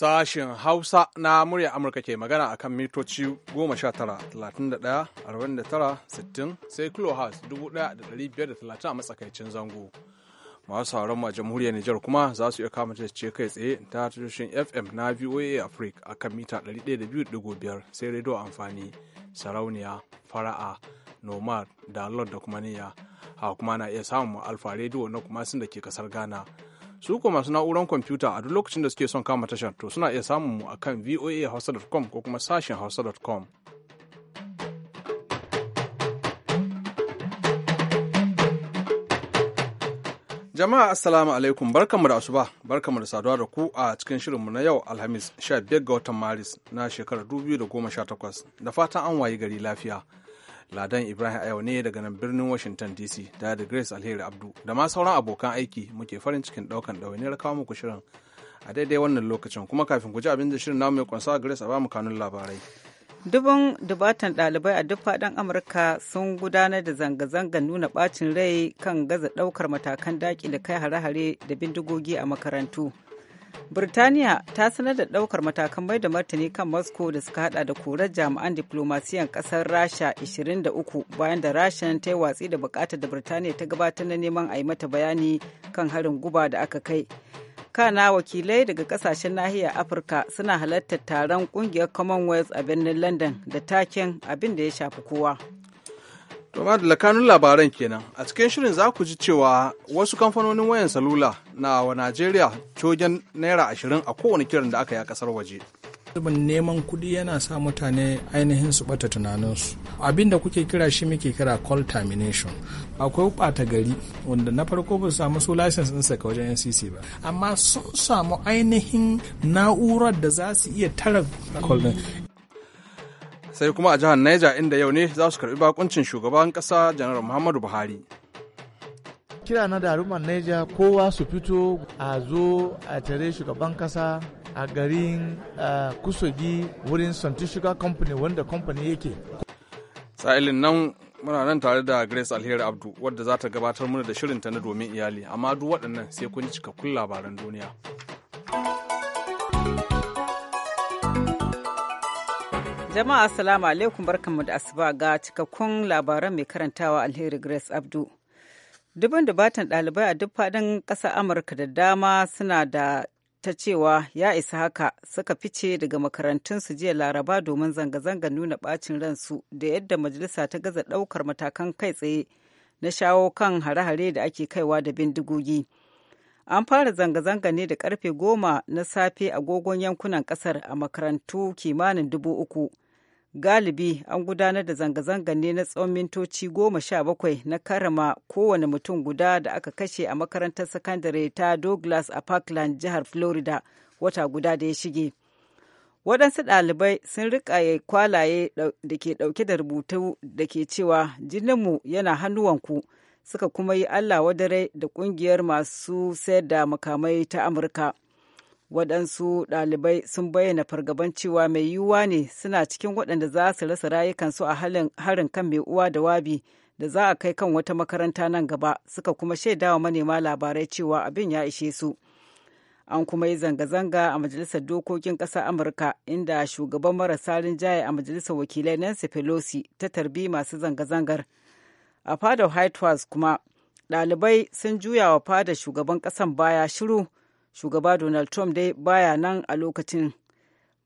Sashen Hausa na murya Amurka ke magana a kan mitoci 19-31-49-60 sai kilohertz 1530 a matsakaicin zango. Masu sauran ma a jamhuriyar Nijar kuma za su iya kama ce kai tsaye ta tashoshin FM na VOA Africa a kan mita 102.5 sai rediyo amfani, sarauniya, fara'a, nomad, download da kuma niyya. Haka kuma na iya samun alfa rediyo na kuma sun da ke kasar Ghana. su ko masu na'urar kwamfuta a duk lokacin da suke son kama tashar to suna iya samun mu akan voahausa.com ko kuma sashen hausa.com. Jama'a assalamu alaikum barkanmu da asuba barkanmu da saduwa da ku a cikin shirinmu na yau Alhamis 15 ga watan Maris na shekarar 2018 da fatan an wayi gari lafiya. Ladan Ibrahim Ayaw ne daga nan birnin Washington DC da da Grace Alheri Abdu da ma sauran abokan aiki muke farin cikin daukan ɗawainiyar kawo muku shirin a daidai wannan lokacin kuma kafin ku ji abin da shirin namu mai kunsa Grace a ba kanun labarai. Dubin dubatan dalibai a duk faɗin Amurka sun gudanar da zanga-zangar nuna bacin rai kan gaza ɗaukar matakan daki da kai hare-hare da bindigogi a makarantu. Birtaniya ta sanar da ɗaukar matakan mai da martani kan Moscow da suka hada da korar jami'an diplomasiyan ƙasar Rasha 23 bayan da Rasha ta yi watsi da bukatar da Birtaniya ta gabatar na neman a yi mata bayani kan harin guba da aka kai. Kana wakilai daga kasashen nahiyar Afirka suna halartar taron ƙungiyar Commonwealth a birnin London da taken abin da ya shafi kowa. To ma da labaran kenan a cikin shirin za ku ji cewa wasu kamfanonin wayan salula na wa Najeriya cogen naira ashirin a kowane kiran da aka yi a kasar waje. Zubin neman kuɗi yana sa mutane ainihin su bata tunaninsu. Abin da kuke kira shi muke kira call termination. Akwai ɓata gari wanda na farko ba su samu su license ɗinsa ka wajen NCC ba. Amma sun samu ainihin na'urar da za su iya tara call sai kuma a jihar Niger inda yau ne za su karbi bakuncin shugaban kasa janar Muhammadu Buhari. Kira na daruman Niger kowa su fito a zo a tare shugaban kasa a garin Kusogi wurin Santi Sugar Company wanda company yake. Sa'ilin nan muna nan tare da Grace Alheri Abdu wadda za ta gabatar mana da shirinta na domin iyali amma duk waɗannan sai kun cikakkun labaran duniya. Jama'a assalamu alaikum barkanmu da asuba ga cikakkun labaran mai karantawa Alheri Grace Abdu. Dubin dubatan ɗalibai a duk faɗin ƙasar Amurka da dama suna da ta cewa ya isa haka suka fice daga makarantunsu jiya laraba domin zanga-zanga nuna ɓacin ransu da yadda majalisa ta gaza ɗaukar matakan kai tsaye na shawo kan hare-hare da ake kaiwa da bindigogi an fara zanga-zanga ne da karfe goma na safe agogon yankunan kasar a makarantu kimanin dubu uku galibi an gudanar da zanga zanga ne na tsawon mintoci goma sha bakwai na karama kowane mutum guda da aka kashe a makarantar sakandare ta douglas a parkland jihar florida wata guda da ya shige waɗansu ɗalibai sun riƙa kwalaye da ke ɗauke da rubutu da ke cewa jininmu yana hannuwanku suka kuma yi allah wadare da ƙungiyar masu sayar da makamai ta amurka waɗansu ɗalibai sun bayyana fargaban cewa mai yiwuwa ne suna cikin waɗanda za su rasa rayukansu a harin kan mai uwa da wabi da za a kai kan wata makaranta nan gaba suka kuma shaidawa manema labarai cewa abin ya ishe su an kuma yi zanga-zanga a majalisar dokokin ƙasar amurka inda shugaban marasa rinjaye a majalisar wakilai nancy pelosi ta tarbi masu zanga-zangar a fadar white house kuma ɗalibai sun juya wa fadar shugaban ƙasan baya shiru shugaba donald trump dai baya nan a lokacin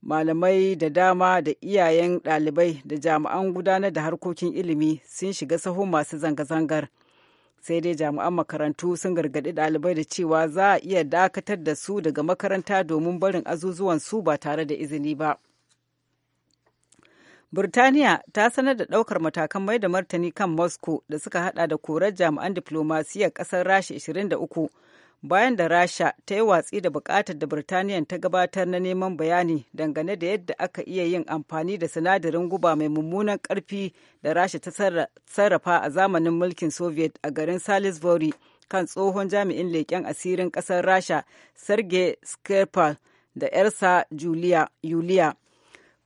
malamai da dama da iyayen ɗalibai da jami'an gudanar da harkokin ilimi sun shiga sahun masu zanga-zangar sai dai jami'an makarantu sun gargaɗi ɗalibai da cewa za a iya dakatar da su daga makaranta domin barin azuzuwan su ba tare da izini ba Burtaniya ta sanar da ɗaukar matakan mai da martani kan Moscow da suka haɗa da korar jami'an diflomasiyyar ƙasar Rasha 23 bayan da rasha ta yi watsi da bukatar da birtaniya ta gabatar na neman bayani dangane da yadda aka iya yin amfani da sinadarin guba mai mummunan karfi da rasha ta sarrafa a zamanin mulkin soviet a garin salisbury kan tsohon jami'in leƙen asirin ƙasar rasha sergei skripal da 'yarsa julia yulia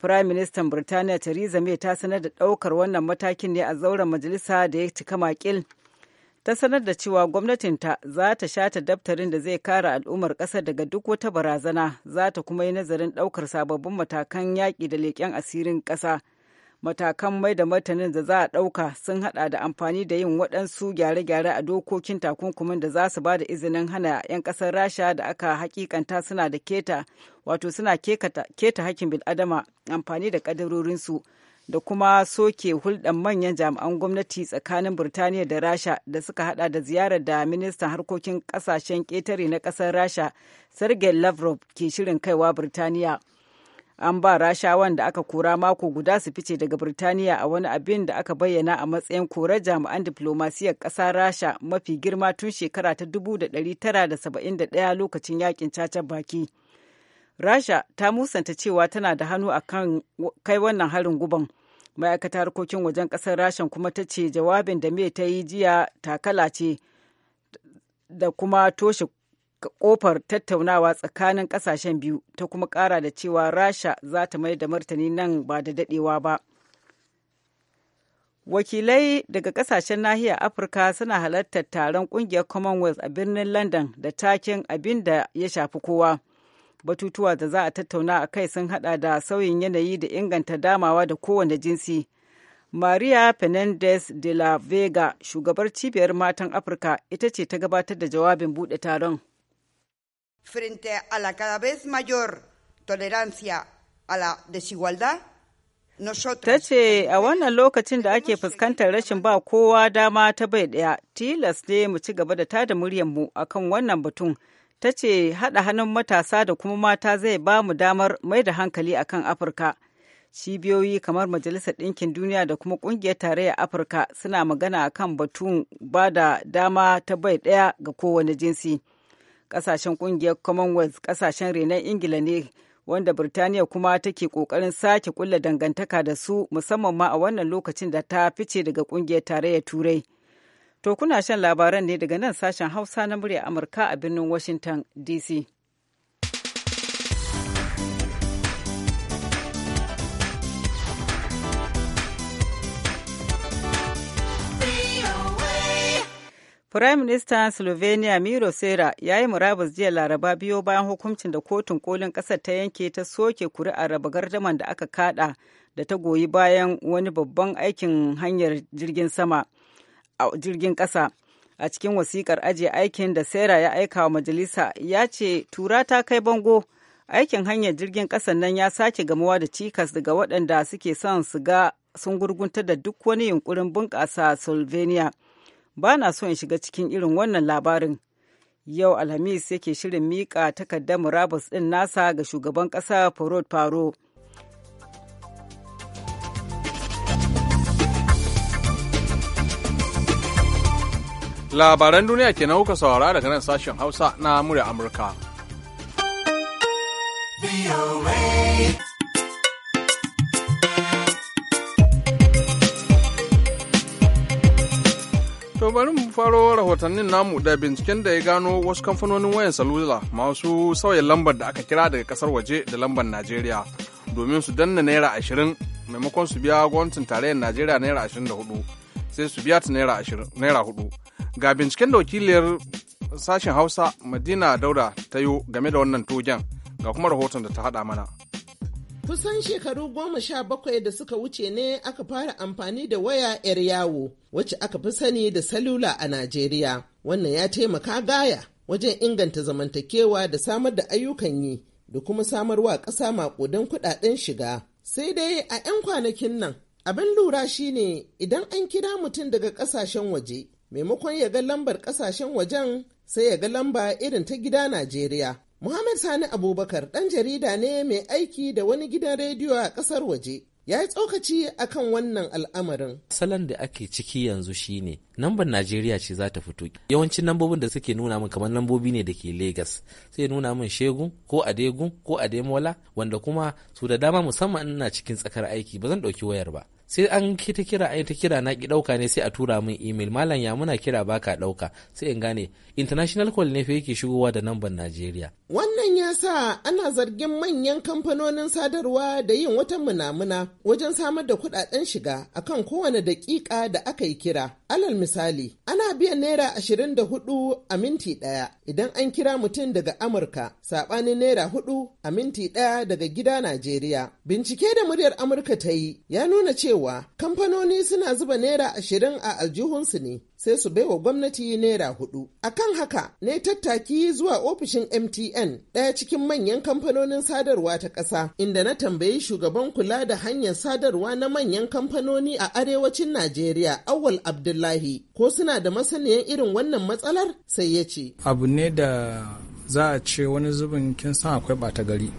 Firayim Ministan Birtaniya Theresa May ta sanar da ɗaukar wannan matakin ne a zauren majalisa da ya cika makil ta sanar da cewa gwamnatinta za ta shata daftarin da zai kare al'ummar ƙasar daga duk wata barazana za ta kuma yi nazarin ɗaukar sababbin matakan yaƙi da leƙen asirin ƙasa matakan mai da martanin da za a ɗauka sun haɗa da amfani da yin waɗansu gyare-gyare a dokokin takunkumin da za su ba da izinin hana 'yan ƙasar rasha da aka hakikanta suna da keta wato suna keta hakkin bil'adama amfani da ƙadarorinsu da kuma soke hulɗar manyan jami'an gwamnati tsakanin Burtaniya da Rasha da suka hada da ziyarar da ministan harkokin kasashen ƙetare na ƙasar Rasha Sergei Lavrov ke shirin kaiwa Burtaniya. An ba rasha wanda aka kora mako guda su fice daga Burtaniya a wani abin da aka bayyana a matsayin korar jami'an diflomasiyyar ƙasar Rasha mafi girma tun shekara ta 1971 lokacin yakin cacar baki. rasha ta musanta cewa tana da hannu a kan kai wannan harin guban ma'aikatar harkokin wajen ƙasar rasha kuma ta ce jawabin da me ta yi jiya takala ce da kuma toshe kofar tattaunawa tsakanin ƙasashen biyu ta kuma kara da cewa rasha za ta mai da martani nan ba da daɗewa ba wakilai daga ƙasashen nahiyar afirka suna halartar taron ƙungiyar commonwealth a birnin london da takin abin da ya shafi kowa batutuwa da za a tattauna a kai sun hada da sauyin yanayi da inganta damawa da kowane jinsi maria fernandez de la vega shugabar cibiyar matan afirka ita ce ta gabatar da jawabin bude taron frente a la cada vez mayor tolerancia a la desigualdad Ta ce a wannan lokacin da ake fuskantar rashin ba kowa dama ta bai ɗaya tilas ne mu ci gaba da tada muryarmu akan wannan batun ta ce haɗa hannun matasa da kuma mata zai ba mu damar mai da hankali a kan afirka cibiyoyi kamar majalisar ɗinkin duniya da kuma ƙungiyar tarayyar afirka suna magana a kan batun ba da dama ta bai ɗaya ga kowane jinsi ƙasashen ƙungiyar commonwealth ƙasashen renon ingila ne wanda birtaniya kuma take ƙoƙarin sake ƙulla dangantaka da su musamman ma a wannan lokacin da ta fice daga ƙungiyar tarayyar turai To kuna shan labaran ne daga nan sashen Hausa na murya Amurka a birnin Washington DC. Firayim Ministan Slovenia Miro Sera ya yi murabus jiya laraba biyo bayan hukuncin da kotun kolin ƙasar ta yanke ta soke kuri'a raba gardaman da aka kada da ta goyi bayan wani babban aikin hanyar jirgin sama. a jirgin ƙasa. A cikin wasikar ajiye aikin da Sera ya aika wa majalisa ya ce tura ta kai bango aikin hanyar jirgin ƙasan nan ya sake gamuwa da cikas daga waɗanda suke son su ga sun gurgunta da duk wani yunkurin bunƙasa Slovenia. Ba na so in shiga cikin irin wannan labarin. Yau Alhamis yake shirin miƙa takardar murabus ɗin nasa ga shugaban ƙasa Farod Faro. labaran duniya ke nauka saurara daga nan sashen hausa na murya amurka To bari faro rahotannin namu da binciken da ya gano wasu kamfanonin wayan salula masu sauya lambar da aka kira daga kasar waje da lambar Najeriya domin su danna naira ashirin maimakon su biya gwamnatin tarayyar Najeriya naira ashirin da hudu sai su biya ta naira hudu. Ga binciken da wakiliyar sashen Hausa Madina daura ta yi game da wannan togen ga kuma rahoton da ta haɗa mana. Kusan shekaru goma sha bakwai da suka wuce ne aka fara amfani da waya 'yar yawo wacce aka fi sani da salula a Najeriya. Wannan ya taimaka gaya wajen inganta zamantakewa da samar da ayyukan yi da kuma samarwa ƙasa maƙudan kuɗaɗen shiga. Sai dai a 'yan kwanakin nan abin lura shine idan an kira mutum daga ƙasashen waje maimakon ya ga lambar kasashen wajen sai ya ga lamba irin ta gida Najeriya. Muhammad Sani Abubakar ɗan jarida ne mai aiki da wani gidan rediyo a ƙasar waje. Ya yi tsokaci akan wannan al'amarin. Salon da ake ciki yanzu shine nambar najeriya ce za ta fito yawancin lambobin da suke nuna min kamar lambobi ne da ke legas sai nuna min shegu ko adegu ko ademola wanda kuma su da dama musamman ina cikin tsakar aiki ba zan ɗauki wayar ba sai an ki ta kira ai ta kira na ki dauka ne sai a tura min email malam ya muna kira baka dauka sai in gane international call ne fa yake shigowa da namban Najeriya wannan ya sa ana zargin manyan kamfanonin sadarwa da yin wata munamuna wajen samar da kudaden shiga akan kowane dakika da aka yi kira alal misali, ana biyan naira ashirin da hudu a minti ɗaya idan an kira mutum daga Amurka, saɓanin naira hudu a minti ɗaya daga gida Najeriya. Bincike da muryar Amurka ta yi ya nuna cewa kamfanoni suna zuba naira ashirin a aljihunsu ne sai su baiwa gwamnati naira hudu. a kan haka ne tattaki zuwa ofishin MTN ɗaya cikin manyan kamfanonin sadarwa ta ƙasa inda na tambayi shugaban kula da hanyar sadarwa na manyan kamfanoni a arewacin Najeriya Awal Abdullahi ko suna da masaniyan irin wannan matsalar sai ya ce. Abu ne da za a ce wani zubin kin san akwai ɓata gari.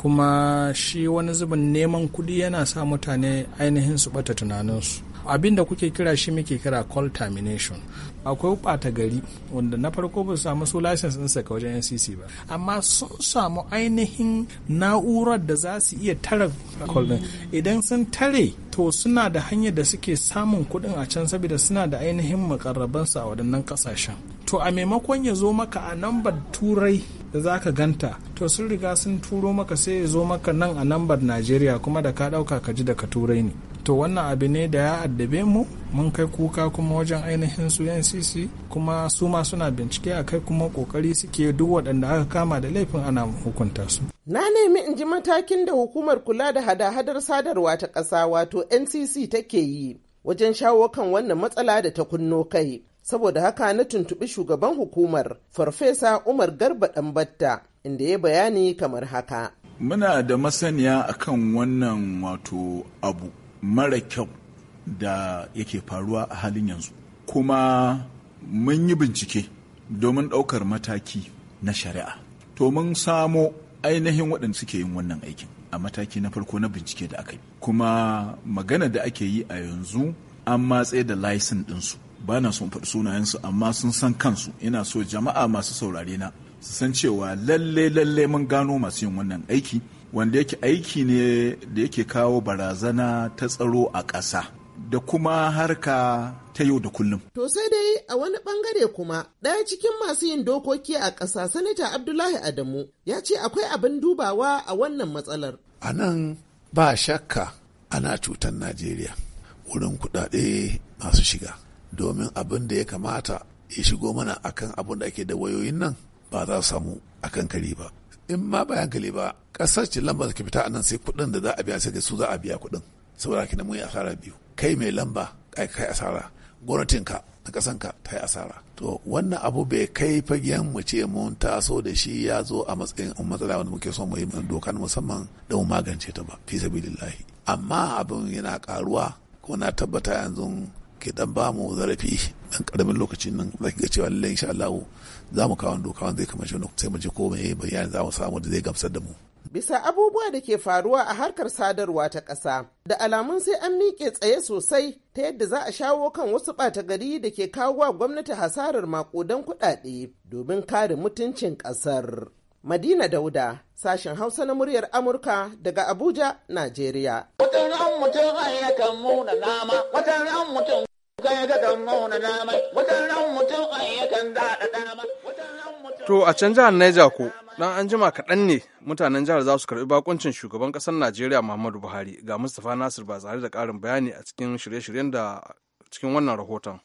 kuma shi wani zubin neman kuɗi yana sa mutane ainihin su ɓata tunaninsu abin da kuke kira shi muke kira call termination akwai bata gari wanda na farko ba su samu su license ɗinsa ka wajen ncc ba amma sun samu ainihin na'urar da za su iya tara call idan sun tare to suna da hanyar da suke samun kuɗin a can saboda suna da ainihin makarrabansu a wadannan ƙasashen to a maimakon ya zo maka a nambar turai da za ka ganta to sun riga sun turo maka sai ya zo maka nan a lambar najeriya kuma da ka ɗauka ka ji da ka turai ne to wannan abu ne da ya addabe mu mun kai kuka kuma wajen ainihin su ncc kuma su ma suna bincike a kai kuma kokari suke duk waɗanda aka kama da laifin ana hukunta su na nemi in ji matakin da hukumar kula da hada-hadar sadarwa ta ƙasa wato ncc take yi wajen shawo kan wannan matsala da ta kunno kai saboda haka na tuntuɓi shugaban hukumar farfesa umar garba ɗanbatta inda ya bayani kamar haka muna da masaniya akan wannan wato abu mara kyau da yake faruwa a halin yanzu kuma mun yi bincike domin ɗaukar mataki na shari'a to mun samo ainihin waɗanda suke yin wannan aikin a mataki na farko na bincike da aka yi kuma magana da ake yi a yanzu an matse da laisin ɗinsu ba na son faɗi sunayensu amma sun san kansu ina so jama'a masu saurare na su san cewa lalle lalle mun gano masu yin wannan aiki wanda yake aiki ne da yake kawo barazana ta tsaro a ƙasa da kuma harka ta yau da kullum. To sai dai a wani bangare kuma ɗaya cikin masu yin dokoki a ƙasa sanata Abdullahi Adamu ya ce akwai abin dubawa a wannan matsalar. A nan ba shakka ana cutar Najeriya wurin kuɗaɗe masu shiga. domin abin da ya kamata ya shigo mana akan abin da ake da wayoyin nan ba za su samu akan kari ba in ma bayan kali ba kasar ce lamba ka fita nan, sai kuɗin da za a biya sai da su za a biya kuɗin saboda kina mun yi asara biyu kai mai lamba kai kai asara ka na ka ta yi asara to wannan abu bai kai fagen mu ce mun taso da shi ya zo a matsayin matsala wanda muke son mu yi doka musamman da mu magance ta ba fi sabilillahi amma abin yana karuwa kuma na tabbata yanzu ke dan ba mu zarafi dan karamin lokacin nan zaki ga cewa lallai insha Allah za mu kawo doka wanda zai kama shi sai mu ji ko mai bayani za mu samu da zai gamsar da mu bisa abubuwa da ke faruwa a harkar sadarwa ta ƙasa da alamun sai an miƙe tsaye sosai ta yadda za a shawo kan wasu ɓata gari da ke kawo wa gwamnati hasarar maƙudan kuɗaɗe domin kare mutuncin ƙasar. Madina Dauda, sashen Hausa na muryar Amurka daga Abuja, Najeriya. To a can jihar Niger ko dan an jima kaɗan ne mutanen jihar za su karɓi bakuncin shugaban ƙasar Najeriya Muhammadu Buhari ga Mustapha Nasir ba tare da ƙarin bayani a cikin shirye-shiryen da cikin wannan rahoton.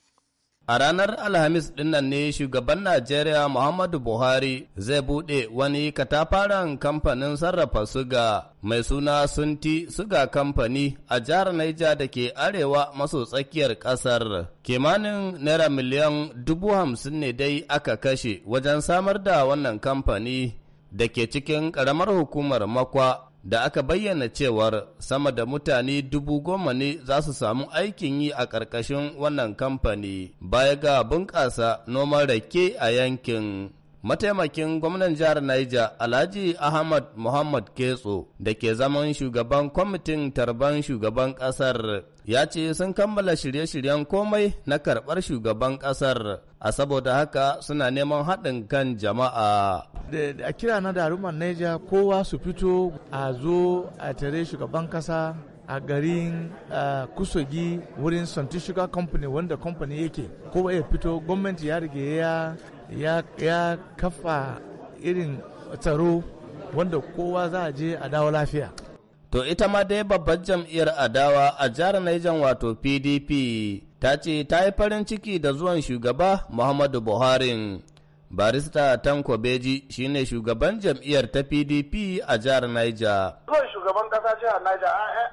A ranar Alhamis dinnan ne shugaban Najeriya Muhammadu Buhari zai buɗe wani katafaren kamfanin sarrafa suga mai suna Sunti Suga Kamfani a jihar Naija da ke arewa maso tsakiyar ƙasar. Kimanin naira miliyan dubu hamsin ne dai aka kashe wajen samar da wannan kamfani da ke cikin ƙaramar hukumar makwa da aka bayyana cewar sama da mutane dubu goma ne za su samu aikin yi a ƙarƙashin wannan kamfani baya ga bunƙasa noman rake a yankin mataimakin gwamnan jihar Niger Alhaji Ahmad Muhammad Ketso da ke zaman shugaban kwamitin tarban shugaban kasar ya ce sun kammala shirye-shiryen komai na karɓar shugaban ƙasar a saboda haka suna neman haɗin kan jama'a. A kira na daruman Niger kowa su fito a zo a tare shugaban kasa a garin kusogi wurin santi sugar company wanda company yake kowa ya fito gwamnati ya rige ya ya kafa irin tsaro wanda kowa za a je a dawo lafiya to ita ma dai babbar jam'iyyar adawa a jihar Niger wato PDP ta ce ta yi farin ciki da zuwan shugaba Muhammadu Buhari. Barista Tanko Beji shine shugaban jam'iyyar ta PDP a jihar Niger. shugaban kasa jihar Niger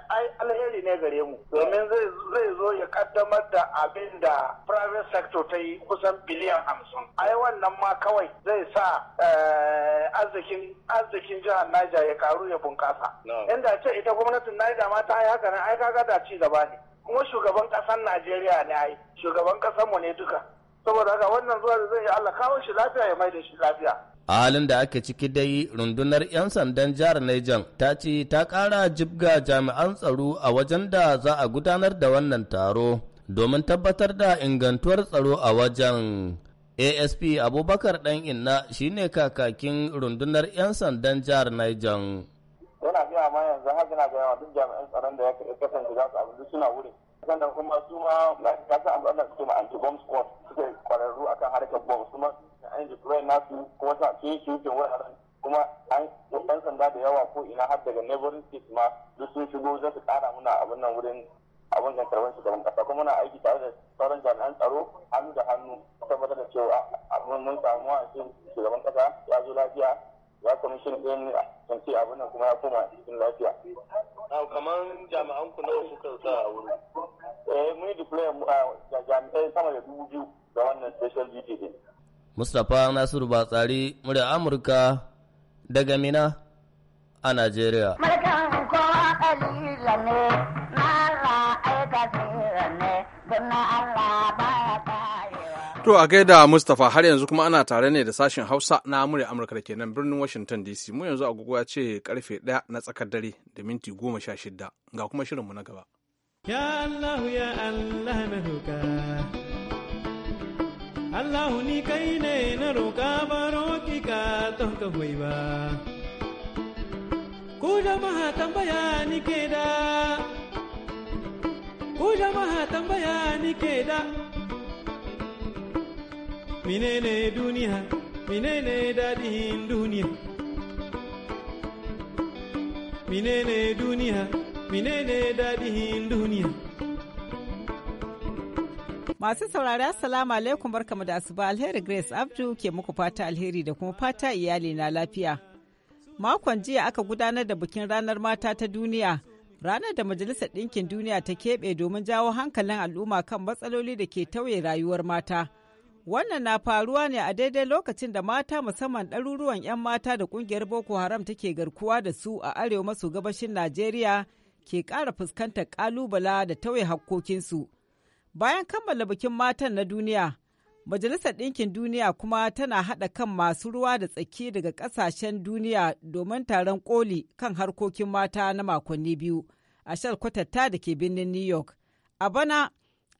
ai alheri ne gare mu domin zai zo ya kaddamar da abin da private sector ta yi kusan biliyan hamsin. Ai wannan ma kawai zai sa eh, arzikin arzikin jihar Niger ya karu ya bunƙasa Inda ce ita gwamnatin Niger ma ta yi haka nan ai kaga da ci gaba ne. Kuma shugaban kasar Najeriya ne ai shugaban kasar mu ne duka. Saboda haka wannan zuwa da zai yi Allah kawo shi lafiya ya mai da shi lafiya. a halin da ake ciki dai rundunar 'yan sandan jihar Niger ta ce ta ƙara jibga jami'an tsaro a wajen da za a gudanar da wannan taro domin tabbatar da ingantuwar tsaro a wajen asp abubakar dan inna shine kakakin rundunar 'yan sandan jihar Niger. yana gaya ma yanzu har yana gaya yawa duk jami'an tsaron da ya kasance za su abin suna wurin sannan kuma su ma ka san abin da su ma anti-bomb squad suke kwararru akan harkar bomb su ma an deploy nasu kuma sa sun shi wuraren kuma an ɗan sanda da yawa ko ina har daga neighboring states ma duk sun shigo za su ƙara muna abin nan wurin abin da karban shugaban kasa kuma muna aiki tare da sauran jami'an tsaro hannu da hannu saboda da cewa abin mun samu a cikin shugaban kasa ya zo lafiya ya kwamishin ɗin kan ce abin nan kuma ya koma cikin lafiya. kamar jami'an ku nawa suka sa a wurin. eh mun yi deploy ah, jami'ai sama da dubu biyu ga wannan special duty din. Mustapha Nasiru Batsari, murya Amurka daga Mina a Najeriya. To a gaida Mustapha har yanzu kuma ana tare ne da sashen Hausa na murya Amurka da kenan birnin Washington DC. Mu yanzu agogo ya ce karfe ɗaya na tsakar dare da minti goma sha shida ga kuma shirinmu na gaba. Ya Allah ya Allah na Allah ni kai ne na roƙa baro ki ka don ka hoyi ba. Ku jama'a tambaya ni ke da, ku jama'a tambaya ni ke da. Menene duniya, menene daɗin duniya. Menene duniya, menene daɗin duniya. Masu saurari assalamu alaikum barkamu da asuba alheri Grace Abdu ke muku fata alheri da kuma fata iyali na lafiya. Makon jiya aka gudanar da bikin ranar mata ta duniya, ranar da Majalisar Ɗinkin Duniya ta keɓe domin jawo hankalin al'umma kan matsaloli da ke tauye rayuwar mata. Wannan na faruwa ne a daidai lokacin da mata musamman ɗaruruwan 'yan mata da ƙungiyar Boko Haram take garkuwa da su a arewa maso gabashin Najeriya ke ƙara fuskantar ƙalubala da tauye hakkokinsu. Bayan kammala bikin matan na duniya, Majalisar Ɗinkin Duniya kuma tana haɗa kan masu ruwa da tsaki daga ƙasashen duniya domin taron koli kan harkokin mata na makonni biyu a shalkwatatta da ke birnin New York. A bana,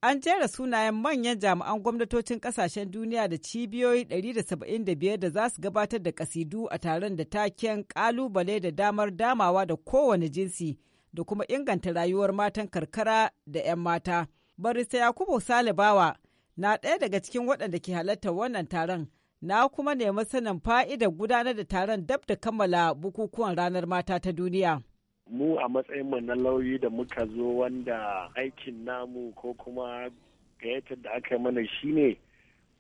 an jera sunayen manyan jami'an gwamnatocin ƙasashen duniya da cibiyoyi 175 da za su gabatar da ƙasidu a taron da taken ƙalubale da damar damawa da kowane jinsi da kuma inganta rayuwar matan karkara da 'yan mata. barista yakubu salibawa na ɗaya daga cikin waɗanda ke halartar wannan taron na kuma nemi sanin fa'idar gudanar da taron dab da kammala bukukuwan ranar mata ta duniya. Mu a matsayin mu na lauyi da muka zo wanda aikin namu ko kuma gayyatar da aka mana shine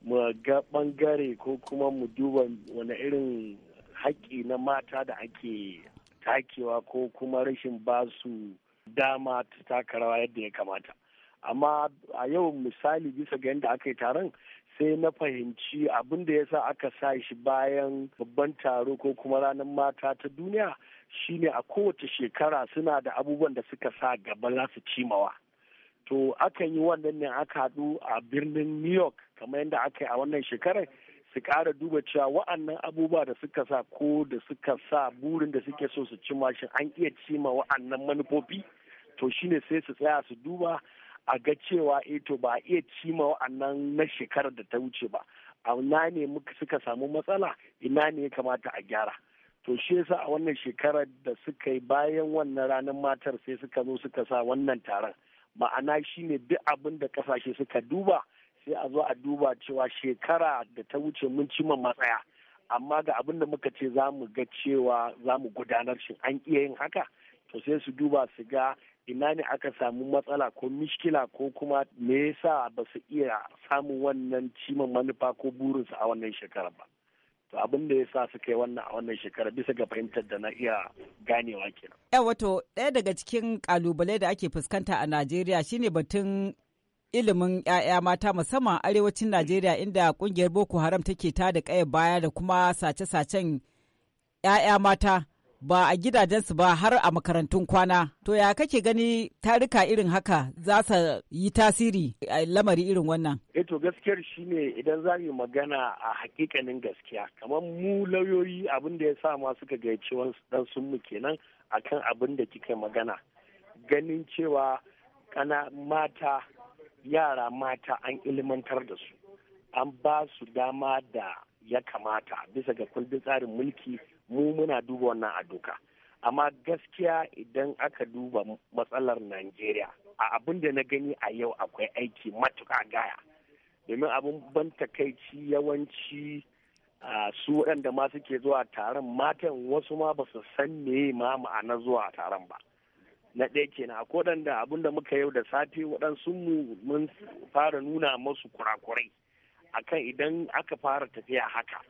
mu ga bangare ko kuma mu duba wani irin haƙƙi na mata da ake takewa ko kuma rashin basu dama ta taka rawa yadda ya kamata. amma a yau misali bisa ga yadda aka yi taron sai na fahimci abin da ya aka sa shi bayan babban taro ko kuma ranar mata ta duniya shine a kowace shekara suna da abubuwan da suka sa gaba za su cimawa to akan yi wannan ne aka haɗu a birnin new york kamar yadda aka yi a wannan shekarar su kara duba cewa wa'annan abubuwa da suka sa ko da suka sa burin da suke so su cima shi an iya cima wa'annan manufofi to shine sai su tsaya su duba a ga cewa eto eh, ba iya cima wa'annan na shekarar da ta wuce ba a ne suka samu matsala ina ne ya kamata a gyara to shi yasa a wannan shekarar da suka yi bayan wannan ranar matar sai suka zo suka sa wannan taron ma'ana shine duk abin da kasashe suka duba sai a zo a duba cewa shekara da ta wuce mun cima matsaya amma ga abin da muka ce za mu ga cewa za mu gudanar shi an iya yin haka to sai su duba su ga ina ne aka samu matsala ko mishkila ko kuma me yasa ba su iya samun wannan cimin manufa ko burinsu a wannan shekara ba to abin da ya sa suka yi wannan a wannan shekara bisa ga fahimtar da na iya ganewa kenan. eh wato ɗaya daga cikin kalubale da ake fuskanta a najeriya shine batun ilimin 'ya'ya mata musamman arewacin najeriya inda kungiyar boko haram take ta da kaya baya da kuma sace-sacen 'ya'ya mata ba a gidajensu ba har a makarantun kwana. To ya kake gani tarika irin haka za su yi tasiri a lamari irin wannan? Eh to gaskiyar shine idan za mu magana a hakikanin gaskiya. Kamar mu lauyoyi abin da ya sa ma suka gayyaci dan sun mu kenan kan abin da kika magana. Ganin cewa kana mata yara mata an ilimantar da su. An ba su dama da ya kamata bisa ga kundin tsarin mulki mu muna duba wannan a doka amma gaskiya idan aka duba matsalar najeriya a abin da na gani a yau akwai aiki matuka gaya domin abin ban takaici yawanci su waɗanda ma suke zuwa taron matan wasu ma ba su san me ma ma'ana zuwa taron ba na ɗaya kenan a waɗanda abin da muka yau da safe waɗansu mu mun fara nuna masu kurakurai akan idan aka fara tafiya haka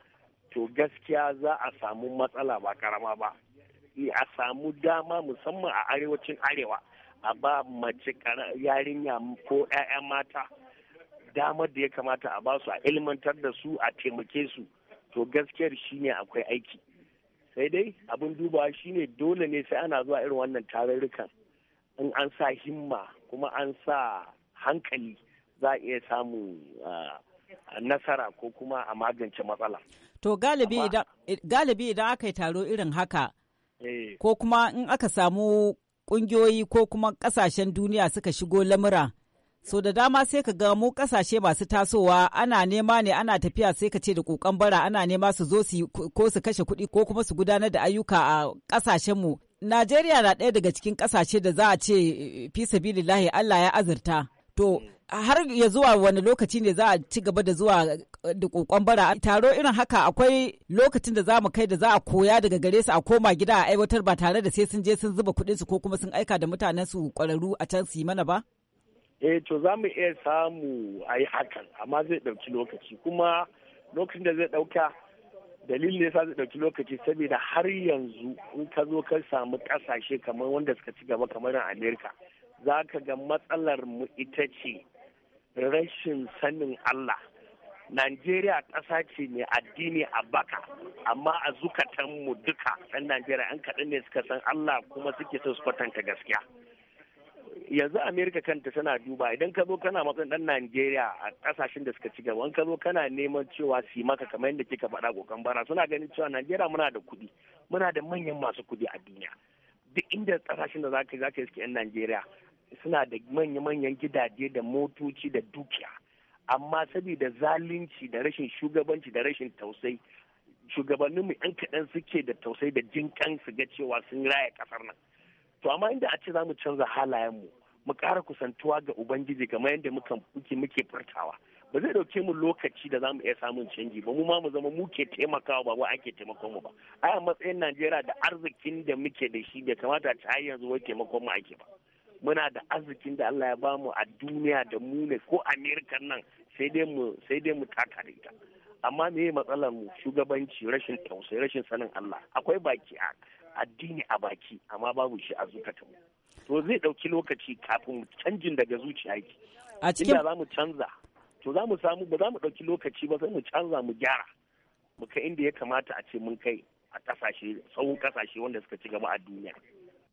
to gaskiya za a samu matsala ba karama ba eh, a samu dama musamman a arewacin arewa a ba mace yarinya ko 'ya'ya mata damar da ya kamata a ba su a ilmantar da su a taimake su to gaskiyar shine akwai aiki sai dai abin dubawa shine dole ne sai ana zuwa irin wannan tarurrukan in an sa himma kuma an sa hankali za a iya samun ah, nasara ko kuma a magance matsala. To galibi idan aka yi taro irin haka, eh. ko kuma in aka samu ƙungiyoyi ko kuma ƙasashen duniya suka shigo lamura. So da dama sai ka ga mu kasashe masu tasowa ana nema ne ana tafiya sai ka ce da kokan bara ana nema su zo su ko su kashe kuɗi ko kuma su gudanar da ayyuka a kasashen mu. Najeriya na ɗaya daga cikin kasashe da za a ce fi sabilillahi Allah ya azurta. To mm. har ya zuwa wani lokaci ne za a ci gaba da zuwa eh, da kokon bara taro irin haka akwai lokacin da za mu kai da za a koya daga gare su a koma gida a aiwatar ba tare da sai sun je sun zuba kuɗin su ko kuma sun aika da mutanen su kwararru a can su yi mana ba eh to za mu iya samu a yi hakan amma zai ɗauki lokaci kuma lokacin da zai ɗauka dalilin ne yasa zai ɗauki lokaci saboda har yanzu in ka zo ka samu ƙasashe kamar wanda suka ci gaba kamar amerika za ka ga matsalar mu ita ce rashin sanin Allah. Najeriya ƙasa ce mai addini a baka, amma a zukatanmu duka ɗan Najeriya an kaɗan ne suka san Allah kuma suke so su kwatanta gaskiya. Yanzu Amerika kanta tana duba idan ka zo kana matsayin ɗan Najeriya a ƙasashen da suka ci gaba, ka zo kana neman cewa su maka kamar yadda kika faɗa gokan bara suna ganin cewa Najeriya muna da kuɗi, muna da manyan masu kuɗi a duniya. Duk inda ƙasashen da za ka yi za ka yi 'yan Najeriya suna da manya-manyan gidaje da motoci da dukiya amma saboda zalunci da rashin shugabanci da rashin tausayi shugabannin mu 'yan kaɗan suke da tausayi da jinkan su ga cewa sun raya ƙasar nan to amma inda a ce za mu canza halayen mu mu ƙara kusantuwa ga ubangiji kamar yadda muke muke furtawa ba zai dauke mu lokaci da za mu iya samun canji ba mu ma mu zama mu ke taimakawa ba wa ake taimakon mu ba a matsayin Najeriya da arzikin da muke da shi bai kamata a har yanzu wai taimakon mu ake ba muna da arzikin da Allah ya ba mu a duniya da mu ne ko Amerika nan sai dai mu sai dai mu taka da ita amma me matsalar mu shugabanci rashin tausayi rashin sanin Allah akwai baki a addini a baki amma babu shi a zukatan mu to zai dauki lokaci kafin canjin daga zuciya yake a cikin za mu canza to za mu samu ba za mu dauki lokaci ba sai mu canza mu gyara mu kai inda ya kamata a ce mun kai a kasashe tsawon kasashe wanda suka ci gaba a duniya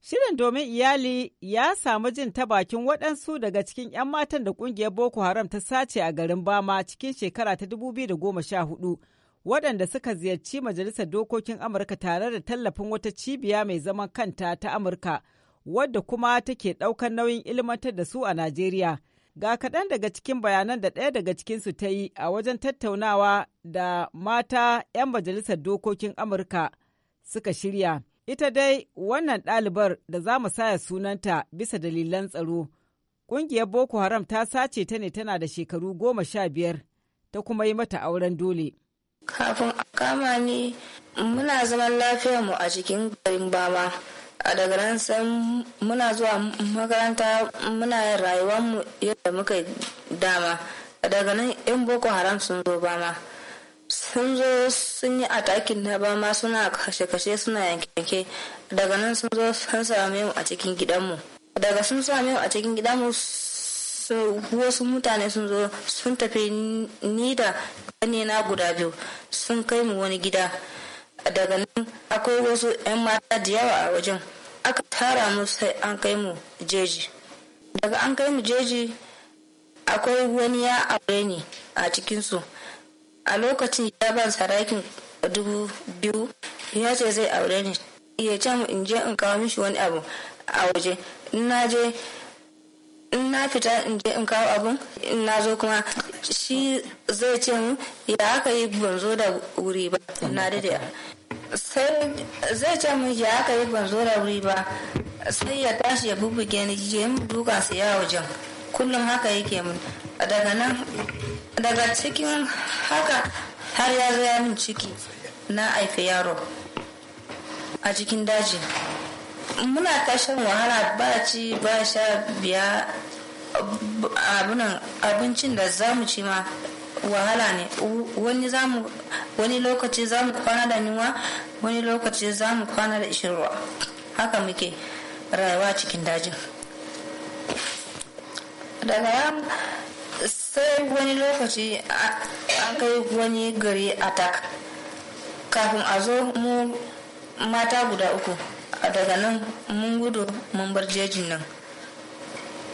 Shirin domin iyali ya samu jin ta bakin waɗansu daga cikin 'yan matan da ƙungiyar Boko Haram ta sace a garin Bama cikin shekara ta 2014 waɗanda suka ziyarci Majalisar Dokokin Amurka tare da tallafin wata cibiya mai zaman kanta ta Amurka wadda kuma take ɗaukar nauyin ilmantar da su a Najeriya. Ga kaɗan daga cikin bayanan da ɗaya daga cikinsu ta yi a wajen tattaunawa da mata 'yan Majalisar Dokokin Amurka suka shirya. Ita dai wannan ɗalibar da za mu saya sunanta bisa dalilan tsaro. Ƙungiyar Boko Haram ta sace ta ne tana da shekaru goma sha biyar ta kuma yi mata auren dole. Kafin a kama ni muna zaman lafiyar mu a cikin garin bama. A daga nan sai muna zuwa makaranta muna yin rayuwar mu yadda muka dama. A daga nan 'yan Boko Haram sun zo bama. sun zo sun yi atakin na ba ma suna kashe-kashe suna yanke daga nan sun zo sun same mu a cikin gidanmu daga sun same mu a cikin gidanmu wasu mutane sun zo sun tafi ni da ƙanina guda biyu sun kai mu wani gida daga nan akwai wasu 'yan mata da yawa a wajen aka tara mu sai an kai mu jeji daga an kai mu jeji akwai wani ya aure ni a cikinsu a lokacin ya ban sarakin dubu biyu ya ce zai aure ni ya ce mu in je in kawo mishi wani abu a waje na je in na fita in je in kawo abun in na zo kuma shi zai ce mu ya aka yi ban zo da wuri ba na dade sai zai ce mu ya aka yi ban zo da wuri ba sai ya tashi ya bubbuge ni je mu duka su ya wajen kullum haka yake mun daga nan daga cikin haka har ya zo ya min ciki na aika yaro a cikin daji muna tashin wahala ba ci ba sha biya abincin da za mu ci ma wahala ne wani lokaci za mu kwana da niwa wani lokaci za mu kwana da ishin ruwa haka muke rayuwa cikin dajin daga sai wani lokaci an kai wani gari a tak, kafin a zo mu mata guda uku daga nan mun gudu mun bar jejin nan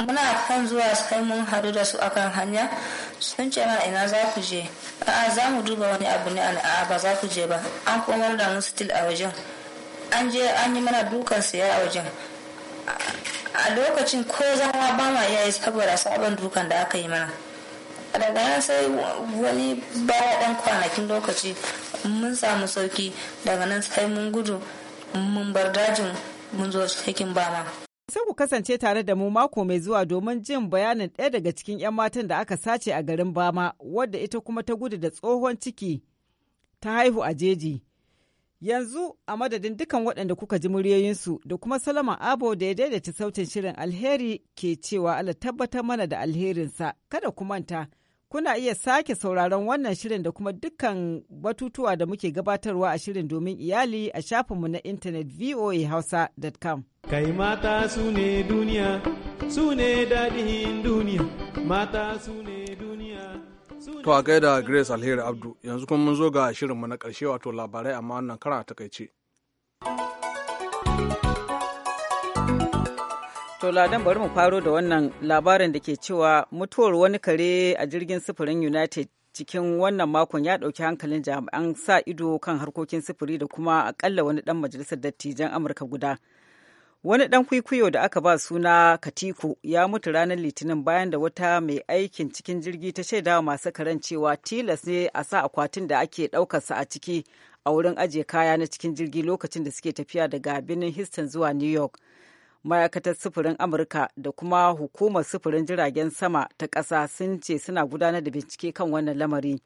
muna kan zuwa sai mun haɗu da su akan hanya sun ce na ina za ku je a'a za mu duba wani abu ne a'a ba za ku je ba an komar da mu stil a wajen an je an yi mana dukan siya a wajen a lokacin ko zama ba ma iya yi saboda sabon dukan da aka yi mana daga nan sai wani baya dan kwanakin lokaci mun samu sauki daga nan sai mun gudu mun bar dajin mun zo cikin bama sai ku kasance tare da mu mako mai zuwa domin jin bayanin ɗaya daga cikin 'yan matan da aka sace a garin bama wadda ita kuma ta gudu da tsohon ciki ta haihu a jeji yanzu a madadin dukan waɗanda kuka ji muryoyinsu da kuma salama abo da ya daidaita sautin shirin alheri ke cewa ala tabbatar mana da alherinsa kada ku manta Kuna iya sake sauraron wannan shirin da kuma dukkan batutuwa da muke gabatarwa a shirin domin iyali a shafinmu na intanet voahausa.com. Kai mata su ne duniya, su ne daɗin duniya, mata su ne duniya. To a gaida Grace Alheri Abdu, yanzu kuma mun zo ga shirinmu na karshe wato labarai amma wannan kara takaice. To ladan bari mu faro da wannan labarin da ke cewa mutuwar wani kare a jirgin sufurin United cikin wannan makon ya ɗauki hankalin jami'an sa ido kan harkokin sufuri da kuma akalla wani ɗan majalisar dattijan Amurka guda. Wani ɗan kwikwiyo da aka ba suna Katiko ya mutu ranar Litinin bayan da wata mai aikin cikin jirgi ta shaida masu karen cewa tilas ne a sa akwatin da ake ɗaukarsa a ciki a wurin ajiye kaya na cikin jirgi lokacin da suke tafiya daga birnin Houston zuwa New York. ma'aikatar sufurin amurka da kuma hukumar sufurin jiragen sama ta ƙasa sun ce suna gudanar da bincike kan wannan lamari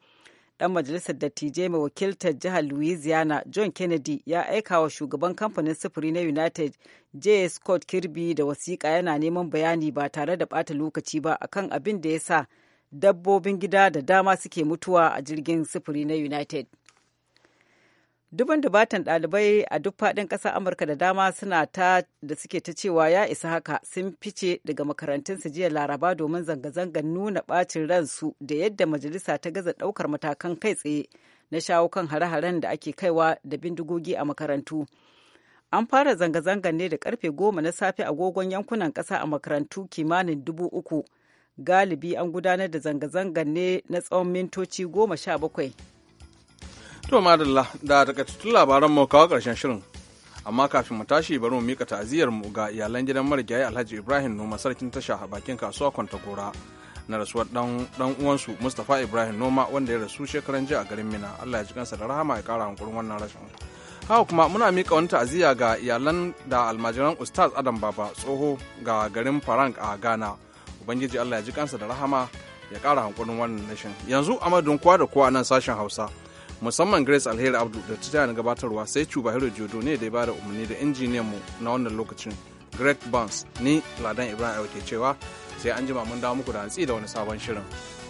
dan majalisar dattijai mai wakiltar jihar louisiana john kennedy ya aika wa shugaban kamfanin sufuri na united j scott kirby da wasiƙa yana neman bayani ba tare da ɓata lokaci ba akan abin da ya sa dabbobin gida da dama suke mutuwa a jirgin sufuri na united dubin dubatan dalibai a duk faɗin ƙasar Amurka da dama suna ta da suke ta cewa ya isa haka sun fice daga makarantunsu jiya Laraba domin zanga-zangar nuna ɓacin ransu da yadda majalisa ta gaza ɗaukar matakan kai tsaye na shawo kan hare-haren da ake kaiwa da bindigogi a makarantu. An fara zanga-zangar ne da karfe goma na safe agogon yankunan ƙasa a makarantu kimanin dubu uku. Galibi an gudanar da zanga-zangar ne na tsawon mintoci goma sha bakwai To madalla da takaitattun labaran mu kawo karshen shirin. Amma kafin mu tashi bari mu mika ta'aziyar mu ga iyalan gidan marigayi Alhaji Ibrahim Noma sarkin tasha a bakin kasuwa Kwantagora na rasuwar dan dan uwansu Mustapha Ibrahim Noma wanda ya rasu shekaran jiya a garin Mina. Allah ya ji kansa da rahama ya kara hankurin wannan rashin. Haka kuma muna mika wani ta'aziya ga iyalan da almajiran Ustaz Adam Baba tsoho ga garin Farank a Ghana. Ubangiji Allah ya ji kansa da rahama ya kara hankurin wannan rashin. Yanzu amadun kowa da kowa nan sashen Hausa. musamman grace alheri abdu da ta tana gabatarwa sai cuba hero jodo ne da ya bada umarni da injiniyan mu na wannan lokacin greg barnes ni ladan ibrahim ke cewa sai an jima mun dawo muku da hantsi da wani sabon shirin